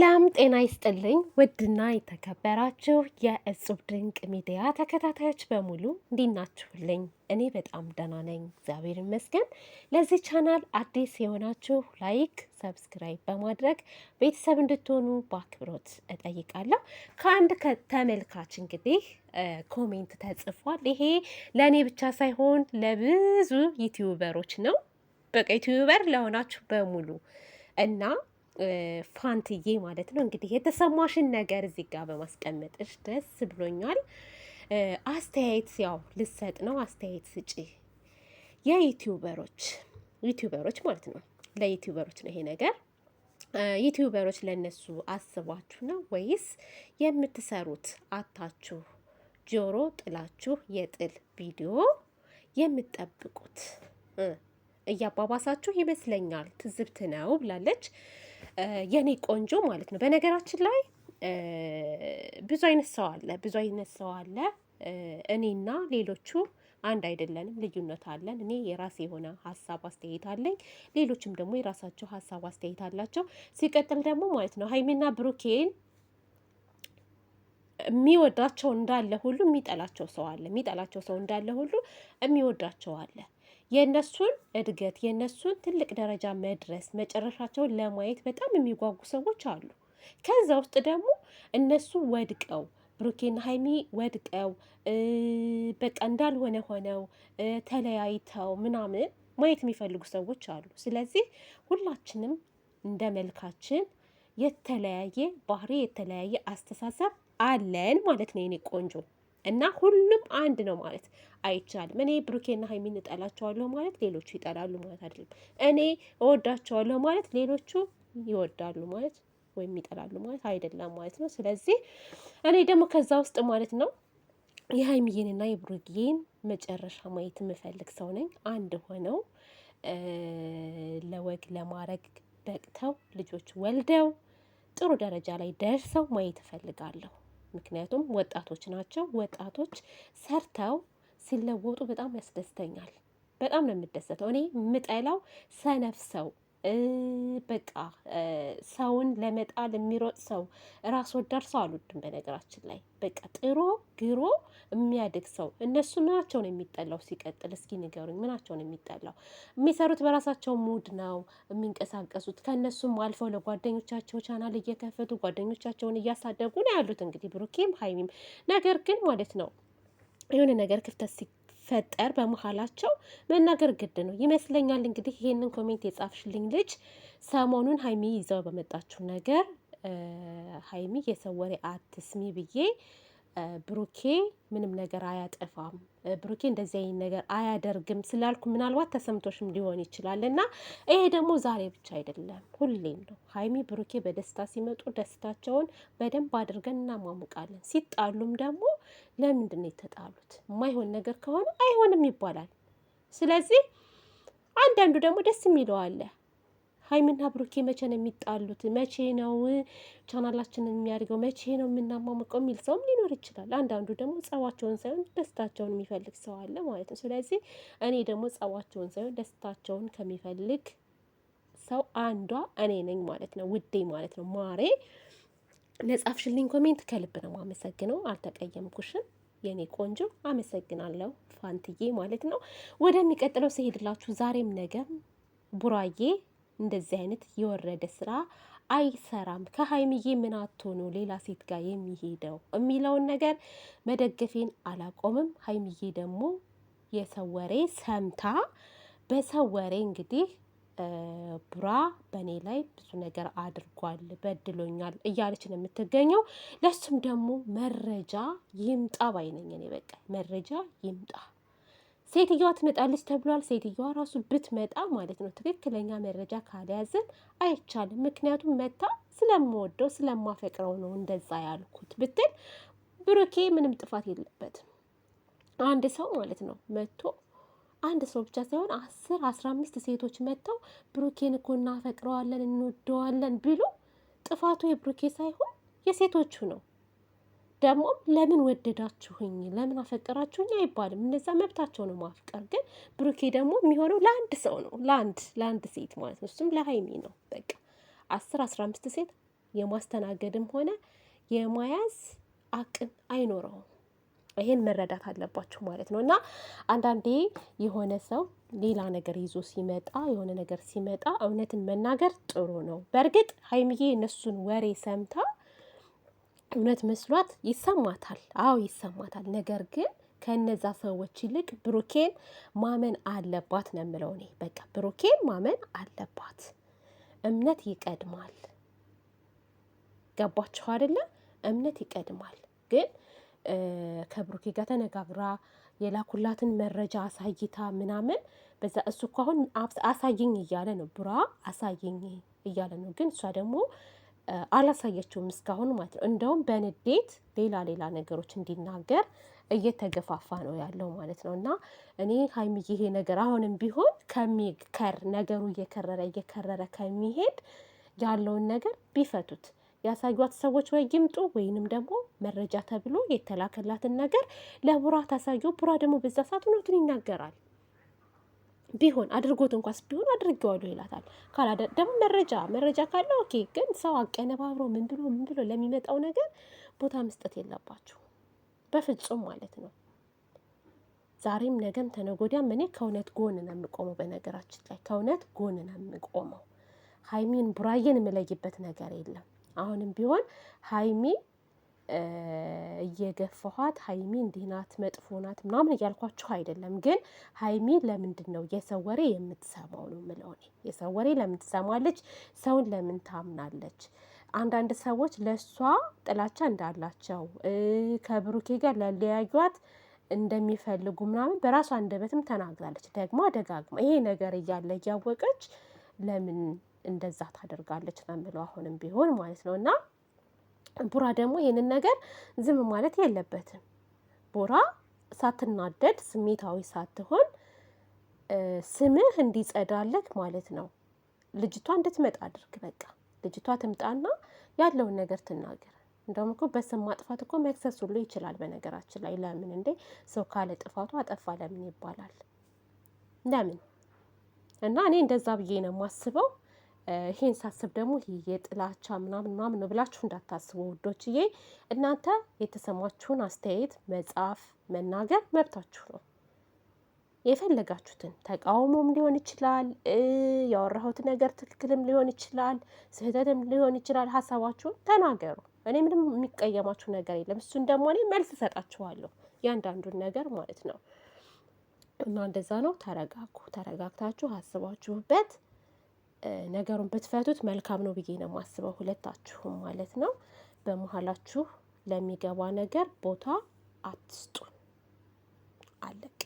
ሰላም ጤና ይስጥልኝ። ውድና የተከበራችሁ የእጹብ ድንቅ ሚዲያ ተከታታዮች በሙሉ እንዴት ናችሁልኝ? እኔ በጣም ደህና ነኝ፣ እግዚአብሔር ይመስገን። ለዚህ ቻናል አዲስ የሆናችሁ ላይክ፣ ሰብስክራይብ በማድረግ ቤተሰብ እንድትሆኑ በአክብሮት እጠይቃለሁ። ከአንድ ተመልካች እንግዲህ ኮሜንት ተጽፏል። ይሄ ለእኔ ብቻ ሳይሆን ለብዙ ዩቲዩበሮች ነው። በቃ ዩቲዩበር ለሆናችሁ በሙሉ እና ፋንትዬ ማለት ነው እንግዲህ የተሰማሽን ነገር እዚህ ጋር በማስቀመጥሽ ደስ ብሎኛል። አስተያየት ያው ልሰጥ ነው። አስተያየት ስጪ። የዩቲዩበሮች ዩቲዩበሮች ማለት ነው ለዩቲዩበሮች ነው ይሄ ነገር። ዩቲዩበሮች ለእነሱ አስባችሁ ነው ወይስ የምትሰሩት አታችሁ ጆሮ ጥላችሁ የጥል ቪዲዮ የምትጠብቁት እያባባሳችሁ ይመስለኛል። ትዝብት ነው ብላለች። የኔ ቆንጆ ማለት ነው። በነገራችን ላይ ብዙ አይነት ሰው አለ፣ ብዙ አይነት ሰው አለ። እኔና ሌሎቹ አንድ አይደለንም፣ ልዩነት አለን። እኔ የራሴ የሆነ ሀሳብ አስተያየት አለኝ፣ ሌሎችም ደግሞ የራሳቸው ሀሳብ አስተያየት አላቸው። ሲቀጥል ደግሞ ማለት ነው ሀይሚና ብሩኬን የሚወዳቸው እንዳለ ሁሉ የሚጠላቸው ሰው አለ፣ የሚጠላቸው ሰው እንዳለ ሁሉ የሚወዳቸው አለ። የእነሱን እድገት የእነሱን ትልቅ ደረጃ መድረስ መጨረሻቸውን ለማየት በጣም የሚጓጉ ሰዎች አሉ። ከዛ ውስጥ ደግሞ እነሱ ወድቀው ብሩኬና ሀይሚ ወድቀው በቃ እንዳልሆነ ሆነው ተለያይተው ምናምን ማየት የሚፈልጉ ሰዎች አሉ። ስለዚህ ሁላችንም እንደ መልካችን የተለያየ ባህሪ የተለያየ አስተሳሰብ አለን ማለት ነው የኔ ቆንጆ። እና ሁሉም አንድ ነው ማለት አይቻልም። እኔ ብሩኬና ሀይሚን እጠላቸዋለሁ ማለት ሌሎቹ ይጠላሉ ማለት አይደለም። እኔ እወዳቸዋለሁ ማለት ሌሎቹ ይወዳሉ ማለት ወይም ይጠላሉ ማለት አይደለም ማለት ነው። ስለዚህ እኔ ደግሞ ከዛ ውስጥ ማለት ነው የሀይሚዬንና የብሩኬን መጨረሻ ማየት የምፈልግ ሰው ነኝ። አንድ ሆነው ለወግ ለማድረግ በቅተው ልጆች ወልደው ጥሩ ደረጃ ላይ ደርሰው ማየት እፈልጋለሁ። ምክንያቱም ወጣቶች ናቸው። ወጣቶች ሰርተው ሲለወጡ በጣም ያስደስተኛል። በጣም ነው የምደሰተው። እኔ የምጠላው ሰነፍ ሰው በቃ ሰውን ለመጣል የሚሮጥ ሰው ራስ ወዳድ ሰው አልወድም። በነገራችን ላይ በቃ ጥሮ ግሮ የሚያድግ ሰው እነሱ ምናቸው ነው የሚጠላው? ሲቀጥል እስኪ ንገሩኝ፣ ምናቸው ነው የሚጠላው? የሚሰሩት በራሳቸው ሙድ ነው የሚንቀሳቀሱት። ከእነሱም አልፈው ለጓደኞቻቸው ቻናል እየከፈቱ ጓደኞቻቸውን እያሳደጉ ነው ያሉት። እንግዲህ ብሩኬም ሀይሚም ነገር ግን ማለት ነው የሆነ ነገር ክፍተት ሲፈጠር በመሀላቸው መናገር ግድ ነው ይመስለኛል። እንግዲህ ይሄንን ኮሜንት የጻፍሽልኝ ልጅ ሰሞኑን ሀይሚ ይዘው በመጣችው ነገር ሀይሚ የሰው ወሬ አትስሚ ብዬ ብሩኬ ምንም ነገር አያጠፋም፣ ብሩኬ እንደዚህ አይነት ነገር አያደርግም ስላልኩ ምናልባት ተሰምቶሽም ሊሆን ይችላል። እና ይሄ ደግሞ ዛሬ ብቻ አይደለም፣ ሁሌም ነው። ሀይሚ ብሩኬ በደስታ ሲመጡ ደስታቸውን በደንብ አድርገን እናሟሙቃለን፣ ሲጣሉም ደግሞ ለምንድን ነው የተጣሉት? የማይሆን ነገር ከሆነ አይሆንም ይባላል። ስለዚህ አንዳንዱ ደግሞ ደስ የሚለው አለ። ሀይሚና ብሩኬ መቼ ነው የሚጣሉት? መቼ ነው ቻናላችንን የሚያድገው? መቼ ነው የምናሟሙቀው? የሚል ሰውም ሊኖር ይችላል። አንዳንዱ ደግሞ ጸባቸውን ሳይሆን ደስታቸውን የሚፈልግ ሰው አለ ማለት ነው። ስለዚህ እኔ ደግሞ ጸባቸውን ሳይሆን ደስታቸውን ከሚፈልግ ሰው አንዷ እኔ ነኝ ማለት ነው። ውዴ ማለት ነው ማሬ ለጻፍሽልኝ ኮሜንት ከልብ ነው አመሰግነው። አልተቀየምኩሽም የኔ ቆንጆ አመሰግናለሁ ፋንትዬ ማለት ነው። ወደሚቀጥለው ስሄድላችሁ ዛሬም ነገም ቡራዬ እንደዚህ አይነት የወረደ ስራ አይሰራም ከሀይምዬ ምን አትሆኑ ሌላ ሴት ጋር የሚሄደው የሚለውን ነገር መደገፌን አላቆምም። ሀይምዬ ደግሞ የሰው ወሬ ሰምታ በሰው ወሬ እንግዲህ ቡራ በእኔ ላይ ብዙ ነገር አድርጓል፣ በድሎኛል እያለች ነው የምትገኘው። ለሱም ደግሞ መረጃ ይምጣ ባይነኝ እኔ በቃ መረጃ ይምጣ። ሴትዮዋ ትመጣለች ተብሏል። ሴትዮዋ ራሱ ብትመጣ ማለት ነው ትክክለኛ መረጃ ካልያዝን አይቻልም። ምክንያቱም መታ ስለምወደው ስለማፈቅረው ነው እንደዛ ያልኩት ብትል ብሩኬ ምንም ጥፋት የለበትም። አንድ ሰው ማለት ነው መቶ አንድ ሰው ብቻ ሳይሆን አስር አስራ አምስት ሴቶች መጥተው ብሩኬን እኮ እናፈቅረዋለን እንወደዋለን ብሎ ጥፋቱ የብሩኬ ሳይሆን የሴቶቹ ነው። ደግሞም ለምን ወደዳችሁኝ ለምን አፈቀራችሁኝ አይባልም። እነዛ መብታቸው ነው ማፍቀር። ግን ብሩኬ ደግሞ የሚሆነው ለአንድ ሰው ነው፣ ለአንድ ለአንድ ሴት ማለት ነው። እሱም ለሀይሚ ነው። በቃ አስር አስራ አምስት ሴት የማስተናገድም ሆነ የማያዝ አቅም አይኖረውም። ይሄን መረዳት አለባችሁ ማለት ነው። እና አንዳንዴ የሆነ ሰው ሌላ ነገር ይዞ ሲመጣ የሆነ ነገር ሲመጣ እውነትን መናገር ጥሩ ነው። በእርግጥ ሀይሚዬ እነሱን ወሬ ሰምታ እውነት መስሏት ይሰማታል። አዎ ይሰማታል። ነገር ግን ከነዛ ሰዎች ይልቅ ብሩኬን ማመን አለባት ነው የምለው እኔ። በቃ ብሩኬን ማመን አለባት። እምነት ይቀድማል። ገባችሁ አይደለ? እምነት ይቀድማል ግን ከብሩኬ ጋር ተነጋግራ የላኩላትን መረጃ አሳይታ ምናምን በዛ እሱ እኮ አሁን አሳየኝ እያለ ነው፣ ቡራ አሳየኝ እያለ ነው። ግን እሷ ደግሞ አላሳየችውም እስካሁን ማለት ነው። እንደውም በንዴት ሌላ ሌላ ነገሮች እንዲናገር እየተገፋፋ ነው ያለው ማለት ነው። እና እኔ ሀይሚዬ ይሄ ነገር አሁንም ቢሆን ከሚከር ነገሩ እየከረረ እየከረረ ከሚሄድ ያለውን ነገር ቢፈቱት ያሳዩት ሰዎች ወይ ይምጡ ወይንም ደግሞ መረጃ ተብሎ የተላከላትን ነገር ለቡራ ታሳዩ። ቡራ ደግሞ በዛ ሰዓት እውነቱን ይናገራል። ቢሆን አድርጎት እንኳስ ቢሆን አድርጌዋለሁ ይላታል። ካላ ደግሞ መረጃ መረጃ ካለ ኦኬ። ግን ሰው አቀነባብሮ ምን ብሎ ምን ብሎ ለሚመጣው ነገር ቦታ መስጠት የለባችሁ በፍጹም ማለት ነው። ዛሬም ነገም ተነጎዳም እኔ ከእውነት ጎን ነው የምቆመው። በነገራችን ላይ ከእውነት ጎን ነው የምቆመው። ሀይሚን ቡራዬን የምለይበት ነገር የለም። አሁንም ቢሆን ሀይሚ እየገፋኋት ሀይሚ እንዲህ ናት መጥፎ ናት ምናምን እያልኳችሁ አይደለም። ግን ሀይሚ ለምንድን ነው የሰው ወሬ የምትሰማው ነው የምለው እኔ። የሰው ወሬ ለምን ትሰማለች? ሰውን ለምን ታምናለች? አንዳንድ ሰዎች ለእሷ ጥላቻ እንዳላቸው ከብሩኬ ጋር ለለያዩት እንደሚፈልጉ ምናምን በራሷ አንደበትም ተናግራለች። ደግማ ደጋግማ ይሄ ነገር እያለ እያወቀች ለምን እንደዛ ታደርጋለች ነው የምለው አሁንም ቢሆን ማለት ነው። እና ቡራ ደግሞ ይህንን ነገር ዝም ማለት የለበትም። ቡራ ሳትናደድ ስሜታዊ ሳትሆን ስምህ እንዲጸዳለት ማለት ነው። ልጅቷ እንድትመጣ አድርግ። በቃ ልጅቷ ትምጣና ያለውን ነገር ትናገር። እንደውም እኮ በስም ማጥፋት እኮ መክሰስ ሁሉ ይችላል። በነገራችን ላይ ለምን እንዴ ሰው ካለ ጥፋቱ አጠፋ ለምን ይባላል? ለምን እና እኔ እንደዛ ብዬ ነው የማስበው። ይሄን ሳስብ ደግሞ የጥላቻ ምናምን ምናምን ብላችሁ እንዳታስቡ ውዶችዬ። እናንተ የተሰማችሁን አስተያየት መጻፍ፣ መናገር መብታችሁ ነው። የፈለጋችሁትን ተቃውሞም ሊሆን ይችላል፣ ያወራሁት ነገር ትክክልም ሊሆን ይችላል፣ ስህተትም ሊሆን ይችላል። ሀሳባችሁን ተናገሩ። እኔ ምንም የሚቀየማችሁ ነገር የለም። እሱን ደግሞ እኔ መልስ እሰጣችኋለሁ፣ ያንዳንዱን ነገር ማለት ነው። እና እንደዛ ነው። ተረጋጉ። ተረጋግታችሁ አስባችሁበት ነገሩን ብትፈቱት መልካም ነው ብዬ ነው የማስበው። ሁለታችሁም ማለት ነው። በመሀላችሁ ለሚገባ ነገር ቦታ አትስጡ። አለቅ